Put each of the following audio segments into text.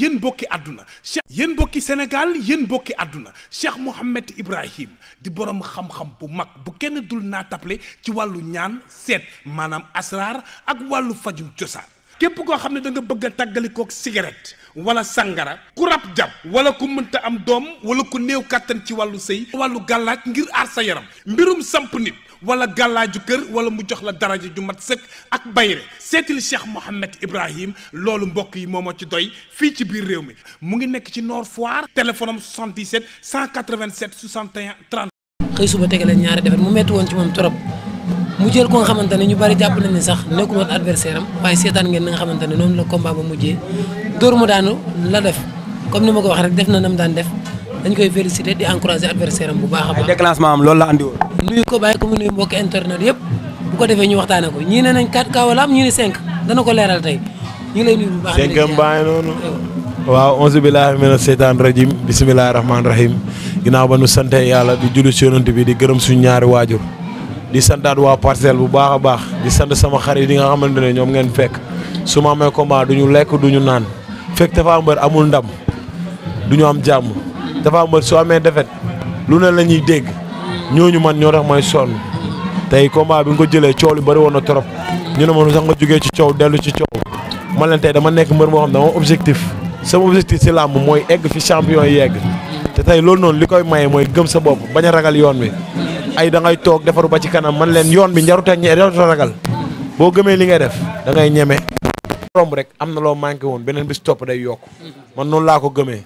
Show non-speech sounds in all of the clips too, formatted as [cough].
yéen bokki àdduna cheikh yéen bokki Sénégal yéen bokki àdduna cheikh Mouhamed Ibrahim di borom xam-xam bu mag bu kenn dul naa taple ci wàllu ñaan seet maanaam asraar ak wàllu fajum cosaan képp koo xam ne da nga bëgg a tàggalikook cigarette wala sangara ku rab jàpp wala ku mënta am doom wala ku néew kàttan ci wàllu sëy wàllu gàllaaj ngir aar sa yaram mbirum samp nit wala ju kër wala mu jox la daraja ju mat sëkk ak bayre seetil Cheikh Mouhamed Ibrahim loolu mbokk yi moo ma ci doy fii ci biir réew mi mu ngi nekk ci noor Foire téléphone am 77 187 61 30. xëy suba tege leen ñaari defet mu metti woon ci moom trop mu jël ko nga xamante ne ñu bari jàpp nañ ne sax nekkul woon adversaire waaye seetaan ngeen na nga xamante ne noonu la combat ba mujjee dóor mu daanu la def comme ni ma ko wax rek def na nam daan def. dañ koy féliciter di encourager adversaire am bu baax a baax. déclenchement am loolu la andi nuyu ko bàyyi ko mu nuyu mbokki internet yëpp bu ko defee ñu waxtaane ko ñii ne nañ 4 kaw la am ñii ne 5 dana ko leeral tey ñu ngi lay nuyu bu baax. dégg nga bàyyi noonu. waaw onze billahi mina seytaan rajim bisimilahi rahmaani rahim ginnaaw ba nu sante yàlla di julli ci yonent bi di gërëm suñu ñaari waajur di santaat waa parcelle bu baax a baax di sant sama xarit yi nga xamante ne ñoom ngeen fekk su ma amee combat du ñu lekk du ñu naan fekk dafa mbër amul ndam am jàmm dafa mbër su amee defet lu ne la ñuy dégg ñooñu man ñoo tax may sonn tey combat bi nga ko jëlee coow li bëri woon na trop ñu ne ma sax nga jógee ci coow dellu ci coow man leen tey dama nekk mbër moo xam ne dama objectif sama objectif si làmb mooy egg fi champion yi yegg te tey loolu noonu li koy maye mooy gëm sa bopp bañ a ragal yoon wi ay da ngay toog defaru ba ci kanam man leen yoon bi njarut a njarut a ragal boo gëmee li ngay def dangay ñeme romb rek am na loo manqué woon beneen bis topp day yokk man noonu laa ko gëmee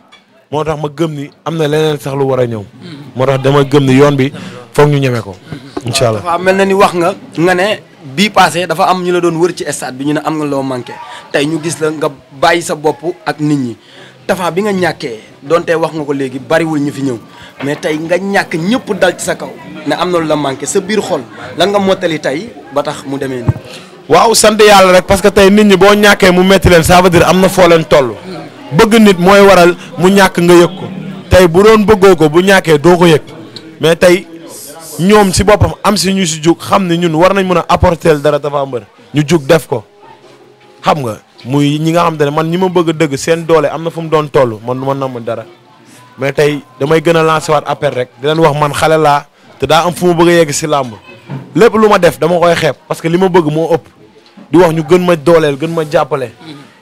moo tax ma gëm ni am na leneen sax lu war a ñëw. moo tax dama gëm ni yoon bi foog ñu ñeme ko. incha allah dafa mel na ni wax nga nga ne bii passé dafa am ñu la doon wër ci stade bi ñu ne am nga loo manqué tey ñu gis la nga bàyyi sa bopp ak nit ñi Tapha bi nga ñàkkee donte wax nga ko léegi bariwul ñu fi ñëw mais tey nga ñàkk ñëpp dal sa kaw ne am na lu la manqué sa biir xol lan nga mottali tey ba tax mu demee nii. waaw sant yàlla rek parce que tey nit ñi boo ñàkkee mu metti leen ça veut dire am na foo leen toll. bëgg nit mooy waral mu ñàkk nga yëg ko tey bu doon bëggoo ko bu ñàkkee doo ko yëg mais tey ñoom si boppam am si ñu si jug xam ne ñun war nañ mën a apporter dara Tapha Mbeur ñu jug def ko xam nga muy ñi nga xam te ne man ñi ma bëgg dëgg seen doole am na fu mu doon tollu man man ma ma dara mais tey damay gën a lancer waat appel rek di wax man xale laa te daa am fu mu bëgg a yegg si làmb lépp lu ma def dama koy xeeb parce que li ma bëgg moo ëpp di wax ñu gën ma dooleel gën ma jàppale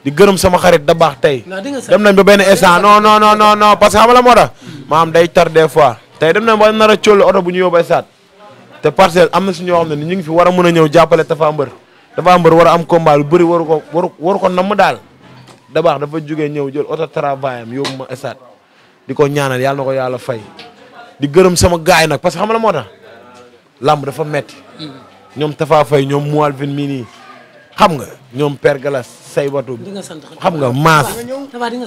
di gërëm sama xarit da baax tey. dem nañ ba benn instant non no non no non parce que xam la moo tax. maam day tar des fois. tey dem nañ ba nar a cóolu oto bu ñu yóbbu instant te parcelle am na si ñoo xam ne ñu ngi fi war a mën a ñëw jàppale Tapha Mbeur Tapha Mbeur war a am combat bari war waru ko waru waru ko namm daal da baax dafa jógee ñëw jël oto travail am yóbbu ma instant di ko ñaanal yàlla na ko yàlla fay di gërëm sama gaay nag parce que xam la moo tax làmb dafa metti mm. ñoom Tafa Faye ñoom Moualvin mii nii xam nga ñoom Père Galas say watu xam nga maas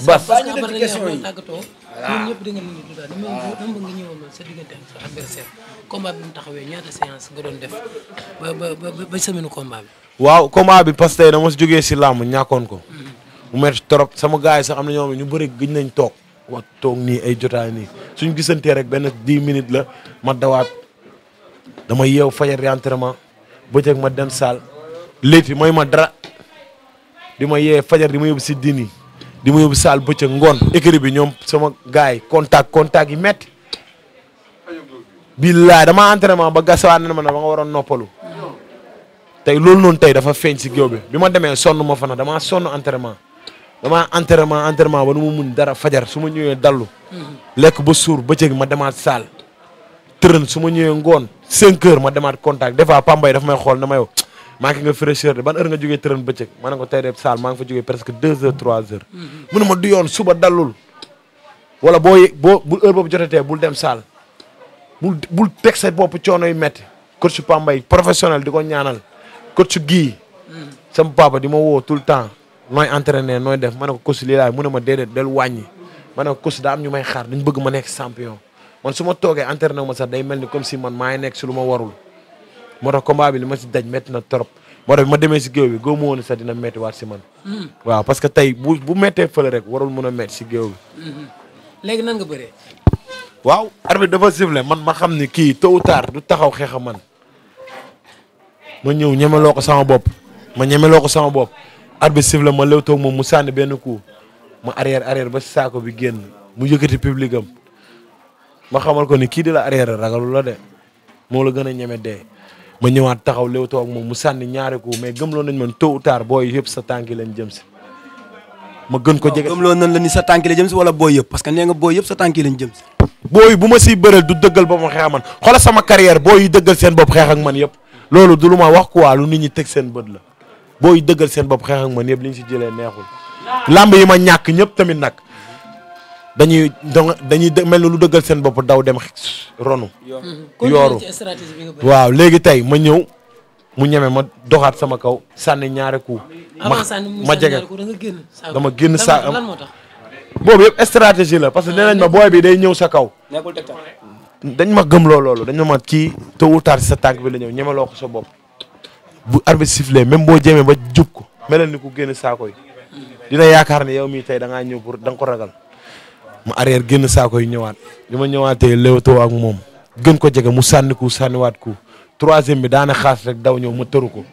bas ñun ñëpp da ngeen ñu dundal dama dama nga ñëwoon sa diggante ak sa adversaire combat bi mu taxawee ñaata séance nga doon def ba ba ba semaine combat bi. waaw combat bi parce que tey dama si jógee si làmb ñàkkoon ko. mu métti trop sama gars yi sax am na ñoom ñu bëri gëj nañ toog. wax toog nii ay jotaay nii suñu gisantee rek benn dix minutes la ma dawaat dama yeew fajar entraînement bëccëg ma dem saal léegi mooy ma dara. di ma yee fajar di ma yóbbu si dini di ma yóbbu saal bëccëg ngoon écrit bi ñoom sama gaay yi contact contact yi metti billaay damaa entraînement ba gasawaat na ma ne ba waroon noppalu tey loolu noonu tey dafa feeñ si géew bi bi ma demee sonn ma fana damaa sonn entraînement damaa entraînement entraînement ba nu mu mun dara fajar su ma ñëwee dallu lekk ba suur bëccëg ma demaat saal tërën su ma ñëwee ngoon 5 heures ma demaat contact des fois Pambay dafa may xool na ma yow maa nga fraîcheur de ban heure nga jógee tërën bëccëg ma ne ko tey de saal maa ngi fa jógee presque deux heures trois heures mu ne ma suba dallul wala boo boo bu heure boobu jotatee bul dem saal bul bul teg sa bopp coono yu métti coach Pambay professionnel di ko ñaanal coach gii sama papa di ma woo tout le temps nooy entraîner nooy def ma ne ko coach lii laay mu ne ma déedéet del wàññi ma ne ko coach daa am ñu may xaar dañ bëgg ma nekk champion man su ma toogee entraîner ma sax day mel ni comme si man maa ngi nekk si lu ma warul moo tax combat bi li ma si daj métti na trop ma demee si géew bi góob ma woon sax dina métti waat si man. Hmm. waaw parce que tey bu bu méttee fële rek warul mun a métti si géew bi. Hmm. léegi nan nga bëree. waaw arbitre dafa sifflé man ma xam ni kii tôt taar du taxaw xeexa man ma ñëw ñemeloo ko sama bopp ma ñemeloo ko sama bopp arbitre sifflé ma léew toog moom mu sànni benn ku ma arrière arrière ba si saako bi génn mu yëkkati public am ma xamal ko ni kii di la arrière ragalu la de moo la gën a ñeme dee. ma ñëwaat taxaw léewtoo ak moom mu sànni ñaari ko mais gëmloo nañ man tôt ou tard booy yëpp sa tànk yi lañ jëm si. ma gën ko jege gëmloo nañ la ni sa tànk la jëm wala booy yëpp que nee nga booy yëpp sa tànk yi lañ jëm si. booy bu ma siy bëreel du dëggal boppam xeex man xoolal sama carrière booy yi dëggal seen bopp xeex ak man yëpp loolu du lu ma wax quoi lu nit ñi teg seen bët la booy dëggal seen bopp xeex ak man yëpp li ñu si jëlee neexul. làmb yi ma ñàkk ñëpp tamit nag dañuy donc dañuy mel ni lu dëggal seen bopp daw dem ronu. Mm-hmm. yooru waaw léegi tey ma ñëw mu ñeme ma doxaat sama kaw sànni ñaari coup. ma ma jege dama génn sa lan moo tax boobu yëpp stratégie la parce que nee nañ ma booy bi day ñëw sa kaw. dañ ma gëm loo loolu dañ ma mat ci tôt ou tard sa tànk bi la ñëw ñemeloo ko sa bopp. bu arbitre sifflé même boo jéemee ba jub ko melal ni ku génn saako yi mm-hmm. dina yaakaar ni yow mii tey da ngaa ñëw pour da nga ko ragal. mu arrière génn saako yi ñëwaat li ma ñëwaatee léewatoo ak moom gën ko jege mu sànni ku waat ku troisième bi daana xaas rek daw ñëw ma tëru ko.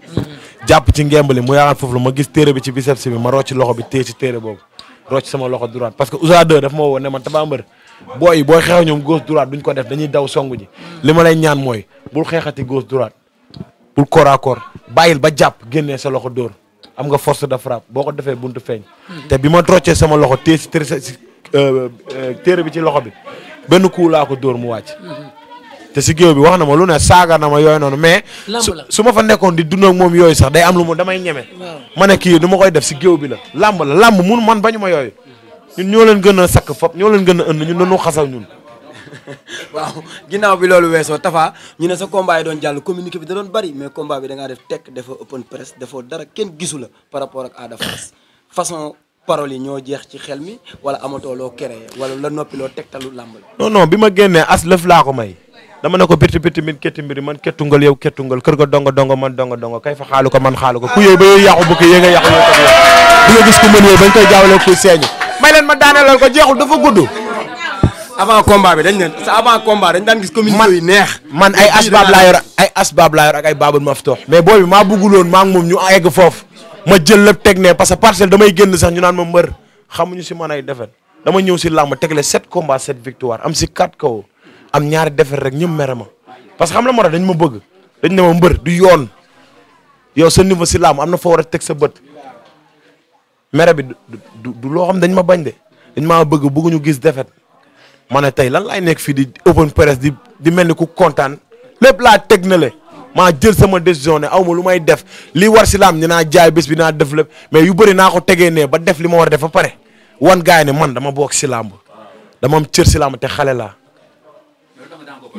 jàpp ci ngembali mu yaakaar foofu la ma gis téere bi ci biceps bi ma rocc loxo bi téye ci téere boobu rocc sama loxo droite parce que Ousa 2 daf ma woo ne man Tapha Mbeur booy yi booy ko def dañuy daw song ji li ma lay ñaan mooy bul xeexati gauche droite bul corps à corps bàyyil ba jàpp génnee sa loxo dóor am nga force de boo ko defee buntu feeñ. Hmm. te bi ma roccee Euh, euh, téere bi ci loxo bi benn coup laa ko dóor mu wàcc. te si géew bi wax na ma lu ne saaga na ma yooyu noonu mais. su ma fa nekkoon di dund moom yooyu sax day am lu mu damay ñeme. ma ne kii nu ma koy def si géew bi la. làmb la lamb mun man bañu ma yooyu. ñun ñoo leen gën a sakk fop ñoo leen gën a ënd ñun dañoo xasaw ñun. [laughs] waaw ginnaaw bi loolu weesoo Tafa ñu ne sa combat doon jàll communiqué bi da doon bari mais combat bi da ngaa def tekk dafa dara kenn gisu la par rapport ak Ada Fass paroles yi ñoo jeex ci xel mi wala amatoo loo créé wala la noppi loo tegtalu làmb la. non bi ma génnee as lëf laa ko may. dama ne ko birti birti min ketti man kettungal yow kettungal kër ga dongo dongo man dongo dongo man xaalu ko ku yooyu ba yooyu yàqu bukki yée nga yàqu yoo tax di nga gis ku mën yooyu bañ koy jaawale kuy seeñu may leen ma daaneelal ko jeexul dafa gudd avant dañ leen sa dañ daan gis communiqué yu neex man ay asbaab laa yor ay asbaab laa ak ay baabul maftoox mais boobu maa bëgguloon maa ngi moom ñu egg foofu ma jël lépp teg ne parce que parcelle damay génn sax ñu naan ma mbër xamuñu si man ay defet dama ñëw si làmb tegle sept combats sept victoire am si quatre kaw am ñaari defet rek ñëpp mere ma parce que xam la dañ ma bëgg dañ ne ma mbër du yoon yow sa niveau si làmb am na foo war a teg sa bët mere bi du loo xam dañ ma bañ de dañ maa bëgg bëgguñu gis defet ma ne tey lan laay nekk fii di open press di di mel ni ku kontaan lépp laa teg na le maa jël sama décision ne ma lu may def li war si laam naa jaay bés bi dinaa def mais yu bëri naa ko ba def li ma war a def ba pare wan gars yi man dama bokk si làmb dama am cër si làmb te xale laa. waaw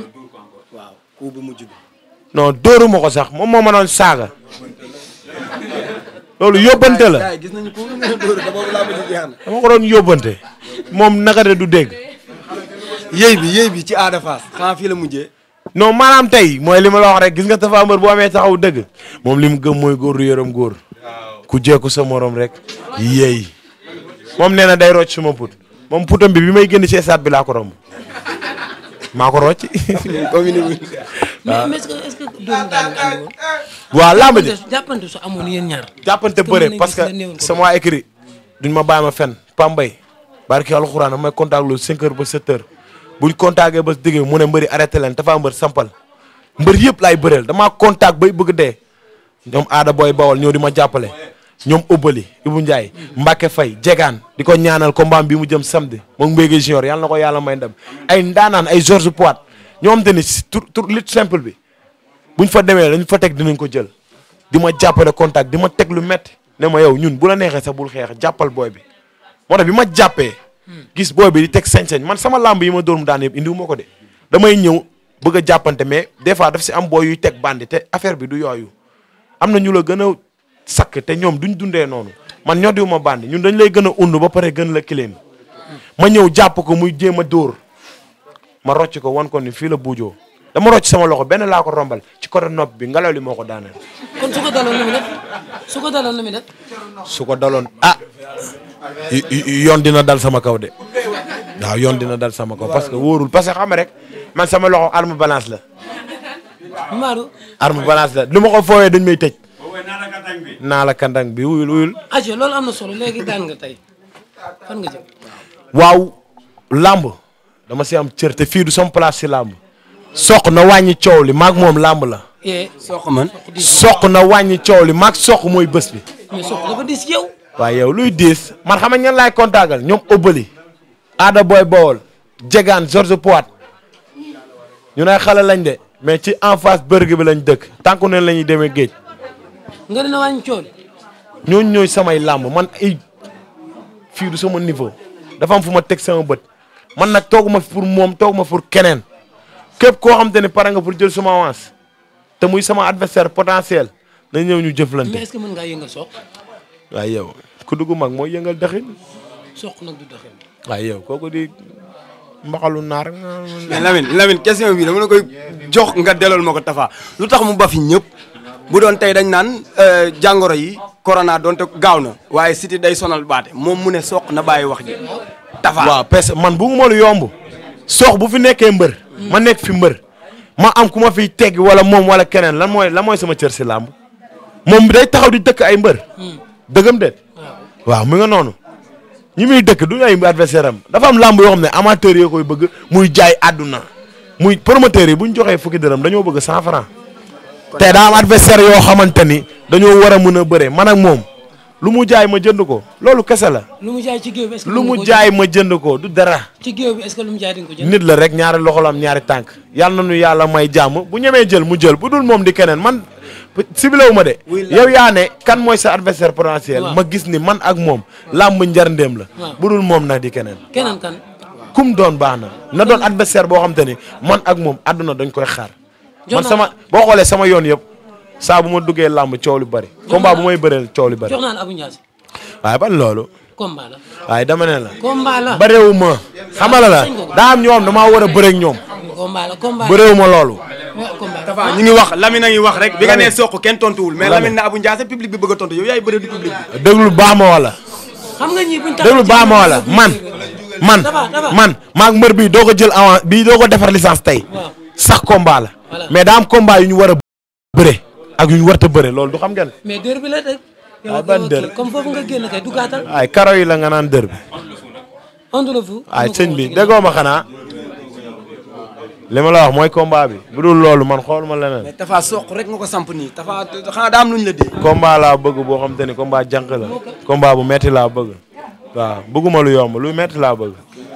ku bu ma ko sax moom moo mënoon saaga. loolu yóbbante la gis nañu ko dama ko doon yóbbante moom naka du dégg. yéy bi yéy bi ci Ada Fass xanaa mujjee. non maanaam tey mooy li ma la wax rek gis nga Tapha Mbeur bu amee taxaw dëgg moom li mu gëm mooy góor du yërëm góor ku jekku sa morom rek yéey moom nee na day rocc suma put moom putam bi bi may génn ci stade bi laa ko romb maa ko rocc. waaw mais est-ce que est-ce que amoon yéen ñaar. jàppante bëre parce que sama waa écrit duñ ma bàyyi ma fenn Pambay barki alxuraan may contact lu 5 heures ba 7 heures. buñ contacté ba déggee mu ne mbëri arrêté leen dafa mbër sampal mbër yëpp laay bëreel damaa contact bay bëgg dee ñoom aada booy bawal ñoo di ma jàppale ñoom ubbali Ibou Ndiaye mbake fay jegaan di ko ñaanal mbaam bi mu jëm samedi moom Mbégue junior yàlla na ko yàlla may ndam ay ndaanaan ay Georges Poit ñoom tamit tur tur lutte simple bi buñ fa demee lañ fa teg dinañ ko jël di ma jàppale contact di ma teg lu métti ne ma yow ñun bu la neexee sax bul xeex jàppal booy bi moo tax bi ma jàppee gis booy bi teg sañ-sañ man sama làmb yi ma door mu daan yëpp indiwu ko de damay ñëw bëgg a jàppante mais des fois daf si am booy yuy teg bandi te affaire bi du yooyu am na ñu la gën a sakk te ñoom duñ dundee noonu man ñoo diwu ma bandi ñun dañ lay gën a undu ba pare gën la kileem ma ñëw jàpp ko muy jéem a dóor ma rocc ko wan ko ni fii la buujoo dama rocci sama loxo benn laa ko rombal ci côté nopp bi ngelaw li moo ko daaneel. kon daloon lu mu def ko daloon lu mu yoon dina dal sama kaw de waaw yoon dina dal sama kaw parce que wóorul parce que xam rek man sama loxo arme balance la. Maodo. arme balance la lu ma ko foowee dañ may tëj. naa la kandang bi wuyul wuyul. am na solo léegi nga tey fan nga waaw làmb dama si am cër te fii du sama place si làmb soq na wàññi coow li maag moom làmb la. Eh, soq man soq na wàññi coow li maag soq mooy bés bi. waaye yow luy diis man xam ñan laay kontaagal ñoom Obali. Ada Boy Bawol. Jegaan George Poit ñu ne xale lañ de mais ci en face bi lañ dëkk. tànku neen la ñuy demee géej. nga dina samay làmb man ay fii du sama niveau dafa am fu ma teg sama bët man nag tooguma pour moom tooguma pour keneen képp koo xam te ne pare nga pour jël sama avance te muy sama adversaire potentiel na ñëw ñu jëflante. mais est-ce mën ngaa yëngal soog. waaye yow ku dugg mag mooy yëngal daxin. soq nag du daxin. waaye yow kooku di mbaxalu naar. mais Lamine Lamine question bi dama la koy jox nga dellool ma ko Tafa lu tax mu ba fi ñëpp bu doon tey dañ naan euh, jàngoro yi corona donte gaaw na waaye siti day sonal baate moom mu ne soq na bàyyi wax ji. Tafa waaw man bu ma lu yomb. sox bu fi nekkee mbër. ma nekk fi mbër. ma am ku ma fiy tegg wala moom wala keneen la mooy lan mooy sama cër si làmb moom day taxaw di dëkk ay mbër. Hmm. dëggam déet. waaw mu nga noonu. ñi muy dëkk du ñu ay adversaire am dafa am làmb yoo xam ne amateur yoo koy bëgg muy jaay àdduna muy promoteur yi bu ñu joxee fukki dërëm dañoo bëgg cent franc. te daa am adversaire yoo xamante ni dañoo war a mën a bëre man ak moom. lu mu jaay ma jënd ko loolu kese la. lu mu jaay ci géew lu mu jaay ma jënd ko du dara. ci géew lu mu jaay dañ ko jënd. nit la rek ñaari loxo la am ñaari tànk yàlla na nu yàlla may jàmm bu ñemee jël mu jël bu dul moom di keneen man ciblé wu ma de. yow yaa kan mooy sa adversaire potentiel. ma gis ni man ak moom. làmb njarndéem la. bu dul moom nag di keneen. keneen kan. kum doon baax na. na doon adversaire boo xam ni man ak moom àdduna dañ koy xaar. man sama boo xoolee sama yoon yëpp. saa bu ma duggee làmb coow lu bari. combat bu may bëreel coow lu bari. jox la Abou Ndiassé. waaye ban loolu. combat la. waaye dama ne la. combat la bëreewu ma. la daa am ñoom war a bëreeg ñoom. combat la combat bëreewu ma loolu. dafa ñu ngi wax Lamine a ngi wax rek. bi nga nee soq kenn tontuwul. mais Lamine na Abou Ndiassé public bi bëgg a tontu yow yaay bëree du public bi. déglu ma wala. xam nga ma wala man. man man maag mbër doo ko jël avant bii doo ko defar licence tey. sax combat mais daa am yu ñu war ak yu ñu war bëre loolu du xam ngeen. mais dër bi la dër ah, comme foofu nga génn kay dugaatal. ay karo yi la nga naan dër bi. ondu la ay sëñ bi déggoo ma xanaa. li ma la wax mooy combat bi bu dul loolu man xool ma leneen. mais Tafa soq rek ko samp nii Tafa xanaa daa am lu la bëgg boo xam te ni combat jànq la. combat bu metti la bëgg. waaw bëgguma lu bëgg.